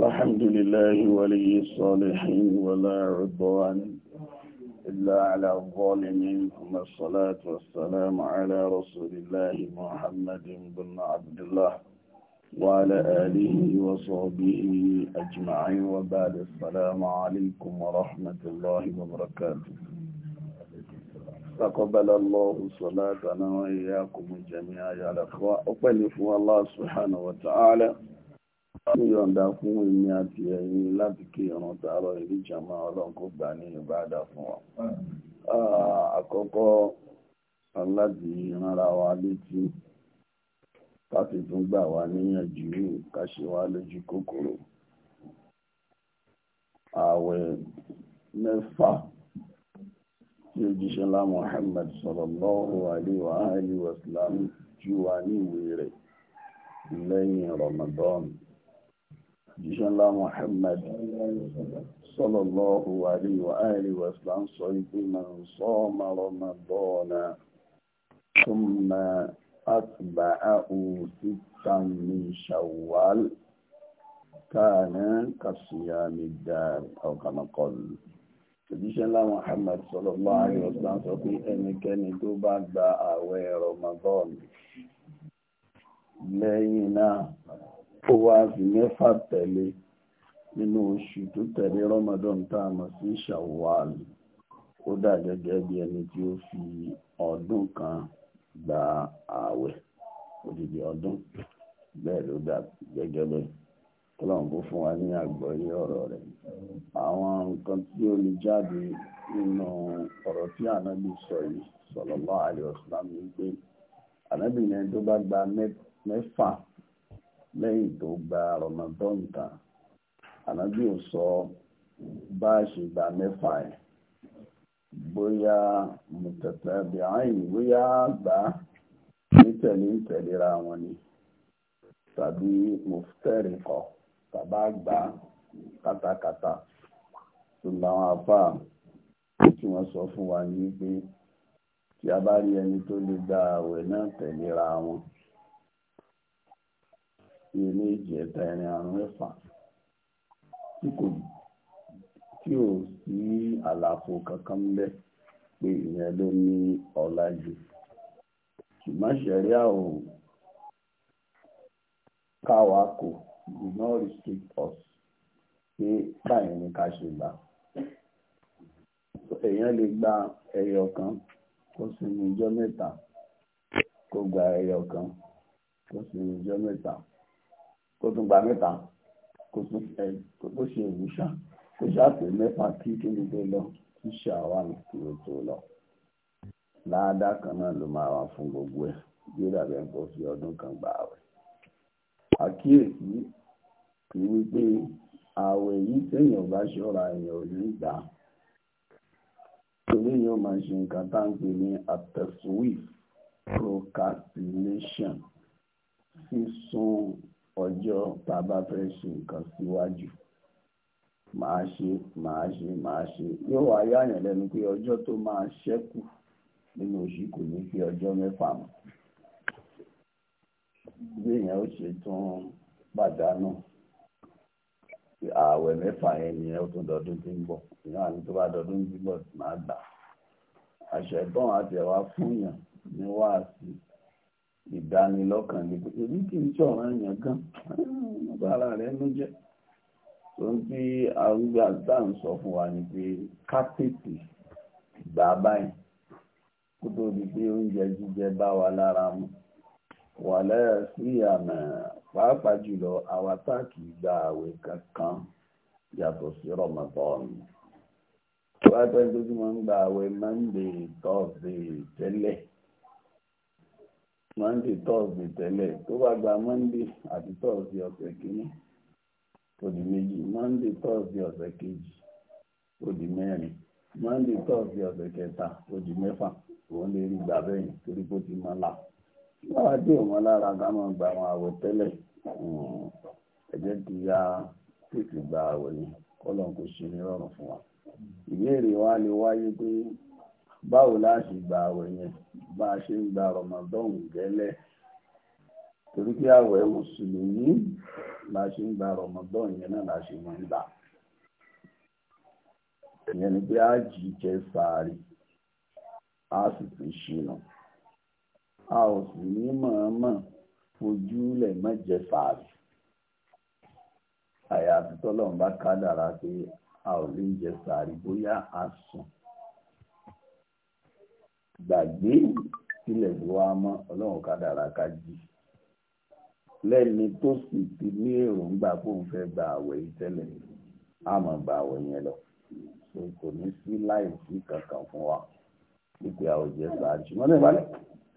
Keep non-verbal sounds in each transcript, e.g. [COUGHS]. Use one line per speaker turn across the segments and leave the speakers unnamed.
الحمد لله ولي الصالحين ولا عدوان إلا على الظالمين ثم الصلاة والسلام على رسول الله محمد بن عبد الله وعلى آله وصحبه أجمعين وبعد السلام عليكم ورحمة الله وبركاته تقبل الله صلاتنا وإياكم جميعا يا الأخوة أقبل الله سبحانه وتعالى ní yọ̀ǹda fún èmi àti ẹ̀yin láti kí ìran tààrọ̀ ìlú jama ọlọ́nkó gbà ní ìbáàdà fún wa. àkọ́kọ́ aláàbí rárá wa létí láti tún gbà wá níyànjú ká ṣe wá lójú kòkòrò. ààwẹ̀ mẹ́fà tí òjíṣẹ́ ńlá Muhammad sallallahu alaihi wa alihi wasallam jù wá ní ìwé rẹ̀ lẹ́yìn Ramadan jíṣẹ́ ńlá Muhammad sallallahu alayhi wa alihi wa sallam sọ ibi man sama Ramadana thumma atba'ahu sittan min Shawwal kana kasiyami dar aw kama qala òjíṣẹ́ ńlá Muhammad sallallahu sọ ó wá fi mẹ́fà tẹ̀lé nínú oṣù tó tẹ̀lé Ramadan tá a mọ̀ sí Shawwal ó dà gẹ́gẹ́ bí ẹni tí ó fi ọdún kan gba ààwẹ̀ odidi ọdún bẹ́ẹ̀ ló dà gẹ́gẹ́ bẹ́ẹ̀ kọlọ́n kó fún wa ní àgbọ́yé ọ̀rọ̀ rẹ̀ àwọn nǹkan tí ó lè jáde nínú ọ̀rọ̀ tí ànábì sọ yìí sallallahu alaihi wasallam ní pé ànábì yẹn tó bá gba mẹ́fà lẹ́yìn tó gba Ramadan tán ànábì ò sọ bá a ṣe gba mẹ́fà ẹ̀ bóyá mutatabi'ain bóyá àgbà nítẹ̀lé ìtẹ̀lera wọn ni tàbí muftariqa tàbá àgbà kátàkátà tó làwọn afá tí wọ́n sọ fún wa ní pé tí a bá rí ẹni tó lè gba ààwẹ̀ náà tẹ̀lera wọn ilé ìjẹta ẹni àrùn mẹ́fà tí kò tí ò sí àlàfo kankan ńlẹ̀ pé ìyẹn ló ní ọlá jù ṣùgbọ́n ṣẹ̀ríà ò káwa kò do not restrict us pé báyìí ni ká ṣe gbà èèyàn lè gba ẹyọ kan kó sinmi ijọ́ mẹ́ta kó gba ẹyọ kan kó sinmi ijọ́ mẹ́ta kó tún gba mẹ́ta kó tún ẹ kó ṣe ìwúṣà kó ṣàpè mẹ́fà kí kíni tó lọ kí ṣàwà kúrò tó lọ láàdáa kan náà ló máa wà fún gbogbo ẹ bí ó dàbí ẹnkọ fi ọdún kan gbà àwẹ̀ àkíyèsí kì í wípé àwẹ̀ yìí téèyàn ò bá ṣọ́ra èèyàn ò ní gbà torí yóò máa ṣe nǹkan tá à ń pè ní atẹ̀sùwì procrastination sísun ọjọ́ tá a bá fẹ́ ṣe nǹkan síwájú màá ṣe màá ṣe màá ṣe yóò wá àyàn lẹ́nu pé ọjọ́ tó máa ṣẹ́kù nínú oṣù kò ní fi ọjọ́ mẹ́fà mọ́ bí èèyàn ó ṣe tún pàdánù ààwẹ̀ mẹ́fà yẹn ni tún dọdún tí ń bọ̀ ìyá mi tó bá dọdún tí ń bọ̀ máa gbà ìdánilọ́kàn ní pé kì í ṣọ̀rọ̀ èèyàn gan nípa ara rẹ̀ ló jẹ́ tó ń tí arúgbà tá ń sọ fún wa ni pé kápẹ́tì gbà báyìí kó tó di pé oúnjẹ jíjẹ bá wa lára mu wà lẹ́yà sí àmà pàápàá jùlọ àwa gba àwẹ̀ kankan yàtọ̀ sí monday thursday tẹ́lẹ̀ tó bá gba monday àti thursday ọ̀sẹ̀ kìíní ó méjì monday thursday kejì ó mẹrin. monday thursday ọ̀sẹ̀ kẹta ó di òun lè rí gbà bẹ́ẹ̀ torí kó ti la láwa tí òun lára ká máa gba àwọn àwọ̀ fún wa ìbéèrè wa lè wáyé pé. báwo láti gba àwẹ̀ yẹn bá a ṣe ń gba Ramadan gẹ́lẹ́ torí pé àwẹ̀ mùsùlùmí la ṣe ń gba Ramadan yẹn náà la ṣe máa ń gbà ìyẹn ni pé a jì jẹ a sì fi ṣìnà a ò sì ní mọ̀ọ́mọ̀ fojúlẹ̀ má jẹ sàárì àyàfi tọ́lọ́run bá kádàrá pé a ò lè jẹ sàárì bóyá a sùn gbàgbé tilẹ̀ ló wá mọ́ ọlọ́run kádàrá ká jí lẹ́ni tó sì ti ní èròǹgbà kó ń fẹ́ gba àwẹ̀ yìí tẹ́lẹ̀ á máa gba àwẹ̀ yẹn lọ so kò ní sí láìsí kankan fún wa wípé àwọn jẹ sàárì ṣùgbọ́n ní ìbálẹ̀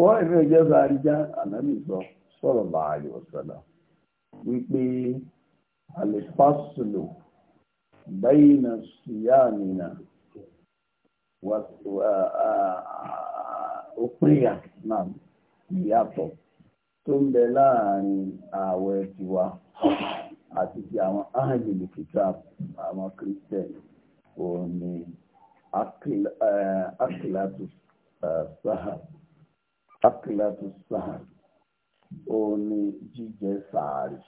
wọ́n ìfẹ́ jẹ sàárì já ànábì sọ sọ̀rọ̀ láàyè ọ̀sẹ̀lá wípé alifásùlù bẹ́yìn náà síyá mi náà òpínyà na ìyàtọ̀ tó ń bẹ láàrin tiwa àti ti àwọn áhàjìlì kìtà àwọn kírísítẹ̀n òun ni akílátù eh, eh, sáà jíjẹ sàárì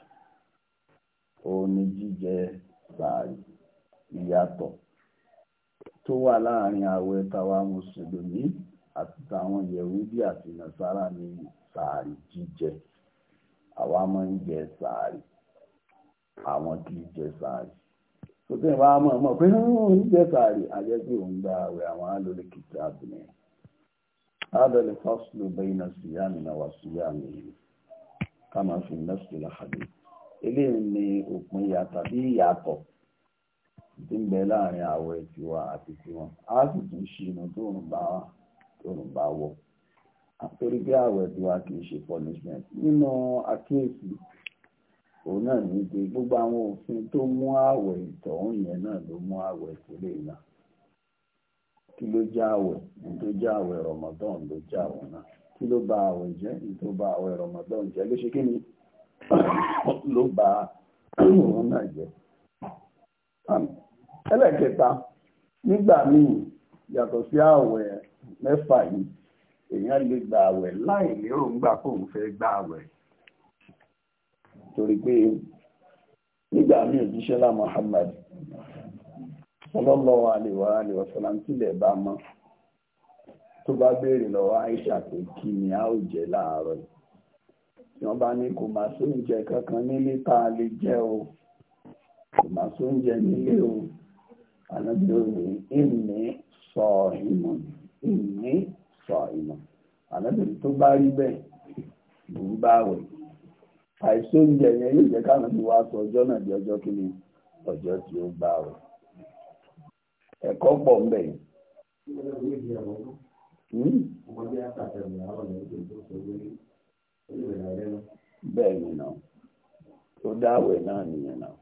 òun jíjẹ sàárì ìyàtọ̀ tó wà láàrin tàwa àtàwọn yẹ̀wúdí àti nàṣàrà ní sàárì jíjẹ àwa máa ń jẹ sàárì àwọn kì í jẹ sàárì tó tẹ́ wá mọ̀ mọ̀ pé ń jẹ sàárì àjẹ́gbé òun gba àwẹ̀ àwọn alólè kìtà àbìnrin adọ́lẹ̀ fásilù bẹ́yìnà síyámi náà wà síyámi yìí ká máa fi nẹ́sùn láhàdé eléyìí ni òpin ìyá tàbí ìyàtọ̀ tí ń bẹ láàrin àwẹ̀ tiwa àti tiwọn a sì tún ṣe inú tó ń bá wa tóun bá wọ̀ àtòrí pé àwẹ̀ tí wa kì ṣe punishment nínú àkíyèsí òun náà ní pé gbogbo àwọn òfin tó mú àwẹ̀ ìtọ̀hún yẹn náà ló mú àwẹ̀ ìtìlẹ̀ náà kí ló já àwẹ̀ ní tó já àwẹ̀ Ramadan ló àwọn náà kí ló ba àwẹ̀ jẹ́ ní ba àwẹ̀ Ramadan jẹ́ ló ṣe kí [COUGHS] ba òun náà jẹ́ ẹlẹ́kẹta mẹ́fà yìí èèyàn lè gba àwẹ̀ láì lérògbà kó òun fẹ́ gba àwẹ̀ torí pé nígbà mí òjíṣẹ́ lá Muhammad sallallahu alaihi wa alihi wa sallam tilẹ̀ bá mọ́ tó bá béèrè lọ́wọ́ Aisha pé kí ni a ó jẹ láàárọ̀ tí wọ́n bá ní kò má sóúnjẹ kankan nílé tá a lè jẹ o kò má sóúnjẹ nílé o ànábìrò ní ìmí sọ ìmọ̀ ni. ìní sọ ìmọ̀ àlẹ́bìnrin tó bá rí bẹ́ẹ̀ mò ń bá wẹ̀ àìsí oúnjẹ yẹn yóò jẹ́ káwọn ti wá sọ ọjọ́ náà di ọjọ́ kíni ọjọ́ tí ó bá wẹ̀ ẹ̀kọ́ pọ̀ ń bẹ̀. Hmm? bẹ́ẹ̀ ni náà tó dáwẹ̀ náà nìyẹn náà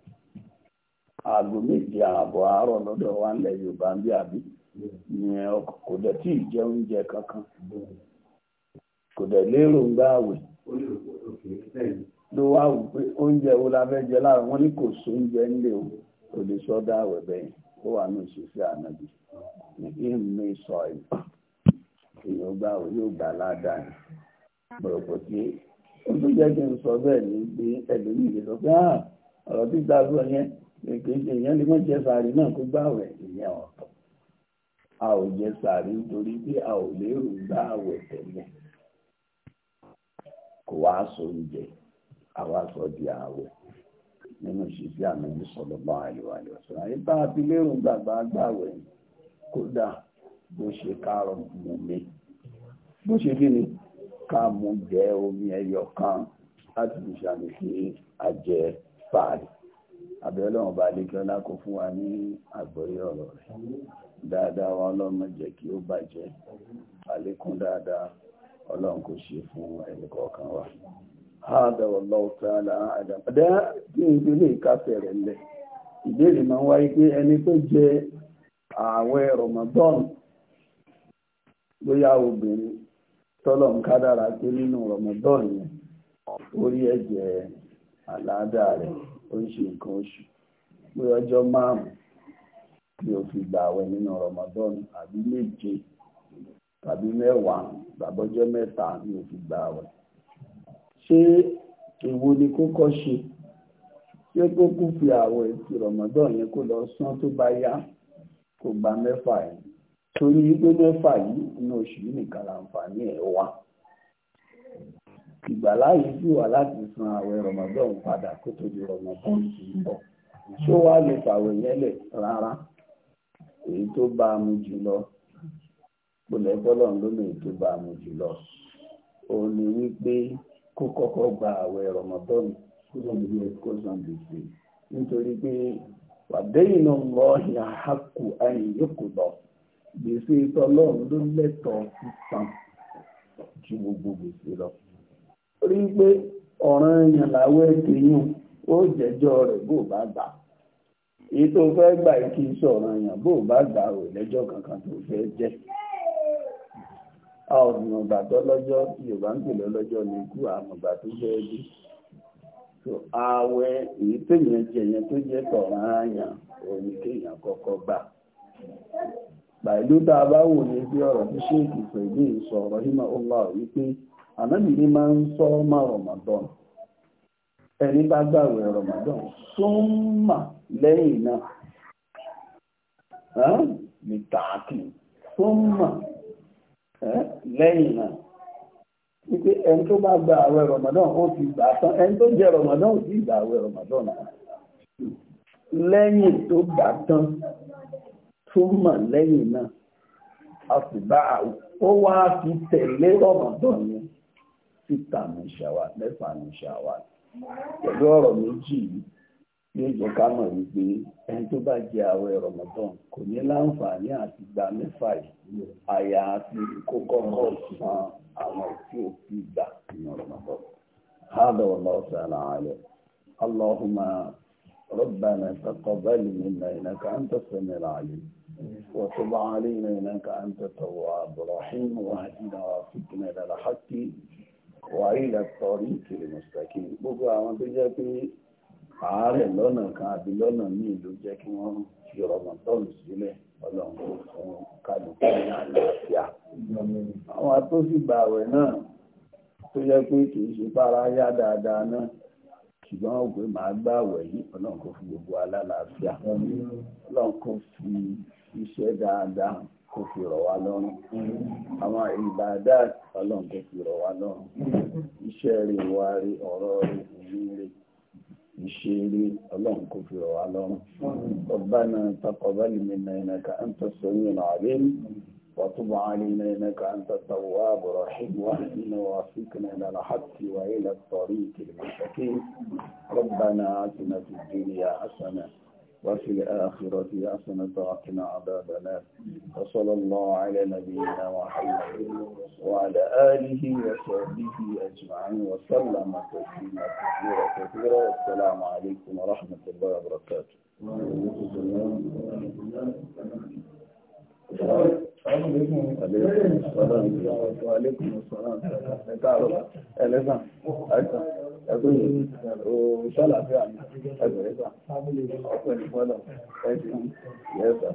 àárọ̀ lọ́dọ̀ wa ń lẹ Yorùbá ń bí àbí. kò dẹ̀ tí ì jẹ oúnjẹ kankan kò dẹ̀ lérò ń gbáàwẹ̀ ló wá wù oúnjẹ wo la fẹ́ jẹ lára wọn ní kò sóúnjẹ ńlẹ̀ o kò lè sọ dáàwẹ̀ bẹ́ẹ̀ ó wà ní òṣìṣẹ́ ànábì sọ èèyàn yóò gbà ládàá pọ̀rọ̀pọ̀ ah, tí a ò jẹ sàárì nítorí pé a ò lérò gbá àwẹ̀ tẹ́lẹ̀ kò wá sọ oúnjẹ àwa sọ di àwẹ̀ nínú ìṣesí àmì sọlọ́gbà àlùwàlù ọ̀sán àyè bá a fi lérò gbàgbà gbàwẹ̀ kódà bó ṣe kárọ̀ mú mi bó ṣe kí ni ká mú jẹ omi ẹyọ kan láti fi ṣàmì sí àjẹ fàárì àbẹ̀ọ́lọ́run bá lè kí fún wa ní àgbọ́yé ọ̀rọ̀ rẹ̀. dáadáa wa ọlọ́run jẹ́ kí ó bàjẹ́ àlékún dáadáa ọlọ́run kò ṣe fún wa. Hádà wallahu ta'ala a'lam. Dá kí n fi lè jẹ Ramadan Ramadan orí ẹ̀jẹ̀ àládà rẹ̀ ó nǹkan oṣù bóyá ọjọ́ márùn-ún kí o fi gbà àwẹ̀ nínú Ramadan àbí méje tàbí mẹ́wàá gbàbọ́jọ́ mẹ́ta ni o fi gbà àwẹ̀ ṣé èwo ni kókó ṣe ṣé kókó fi àwẹ̀ ti Ramadan yẹn kó lọ sán tó bá yá kó gba mẹ́fà yẹn torí wípé mẹ́fà yìí inú oṣù yìí nìkan láǹfààní ẹ̀ wá ìgbàláyé sì wà láti san àwẹ̀ Ramadan padà kó tó di Ramadan ti ń bọ̀ ṣó wàá lè fàwẹ̀ yẹn lẹ̀ rárá èyí tó bá a mu jùlọ gbọlẹ bọlọ ló ní èyí tó bá a mu jùlọ òun ni wípé kó kọ́kọ́ gba àwẹ̀ rọmọdọn nítorí pé wàdéyìn náà lọ yòókù lọ gbèsè ló sísan ju gbogbo gbèsè lọ torí pé yàn èyí tó fẹ́ gbà ike kí n sọ̀rọ̀ bụ bó bá gbà ò lẹ́jọ́ kankan tó fẹ́ jẹ́ a ò mọ̀ gbà tó lọ́jọ́ yorùbá ń pè lọ́lọ́jọ́ ní ikú àmọ̀ gbà tó fẹ́ so ààwẹ̀ èyí jẹ yẹn a bá wò ní bí ọ̀rọ̀ tí ṣéèkì pẹ̀lú ìsọ̀rọ̀ ọlọ́ọ̀ wípé máa ń ẹni bá gbàwẹ̀ Ramadan súnmà lẹ́yìn náà ní tààtì súnmà lẹ́yìn náà wípé ẹni tó bá gba àwẹ̀ Ramadan ó ti gbà tán ẹni tó jẹ Ramadan ó ti gbà àwẹ̀ Ramadan náà lẹ́yìn tó gbà tán súnmà lẹ́yìn náà a sì bá ó wá fi tẹ̀lé Ramadan yẹn títà ní ṣàwà mẹ́fà ní ṣàwà ni pẹ̀lú ọ̀rọ̀ méjì yóò jẹ́ ká mọ̀ wípé ẹni tó bá jẹ àwẹ̀ rọ̀mọ̀tàn kò ní láǹfààní àti gbà mẹ́fà yìí àyà àti kó kọ́kọ́ san àwọn tí ò fi gbà nínú rọ̀mọ̀tàn. هذا والله تعالى أعلم اللهم ربنا تقبل منا إنك أنت السميع العليم وتب علينا إنك أنت التواب الرحيم واهدنا وفقنا إلى الحق wàhálà tọrí ìkèrè mọ̀sítàkì gbogbo àwọn tó jẹ́ pé àárẹ̀ lọ́nà kan àbí lọ́nà míì ló jẹ́ kí wọ́n fi Ramadan sílẹ̀ ọlọ́run kó fún kálukú ní àlàáfíà àwọn tó sì gbààwẹ̀ náà tó jẹ́ pé kì í ṣe bára yá dáadáa náà ṣùgbọ́n ó pé màá gbààwẹ̀ yìí ọlọ́run kó fún gbogbo alálàáfíà ọlọ́run kó fi iṣẹ́ dáadáa kò fi rọ̀ wá lọ́rùn àwọn ìbàdá ọlọ́run kò fi rọ̀ wá lọ́rùn iṣẹ́ rí wa rí ọ̀rọ̀ rí ìlú rí iṣẹ́ rí ọlọ́run kò fi rọ̀ wá lọ́rùn Rabbana taqabbal minna innaka anta as-sami'ul 'alim وطب علينا إنك أنت التواب الرحيم واهدنا ووفقنا إلى الحق وإلى الطريق المستقيم ربنا آتنا في الدنيا حسنة وفي الآخرة حسنة تعقنا عبادنا وصلى الله على نبينا محمد وعلى آله وصحبه أجمعين وسلم تسليما كثيرا كثيرا والسلام عليكم ورحمة الله وبركاته. السلام وعليكم السلام وعليكم السلام ẹgbẹ́ ìṣàlàfíà ní ẹgbẹ̀rẹ́ta ọ̀pẹ̀lú fọ́lọ̀ ẹ̀sìn yẹ́sà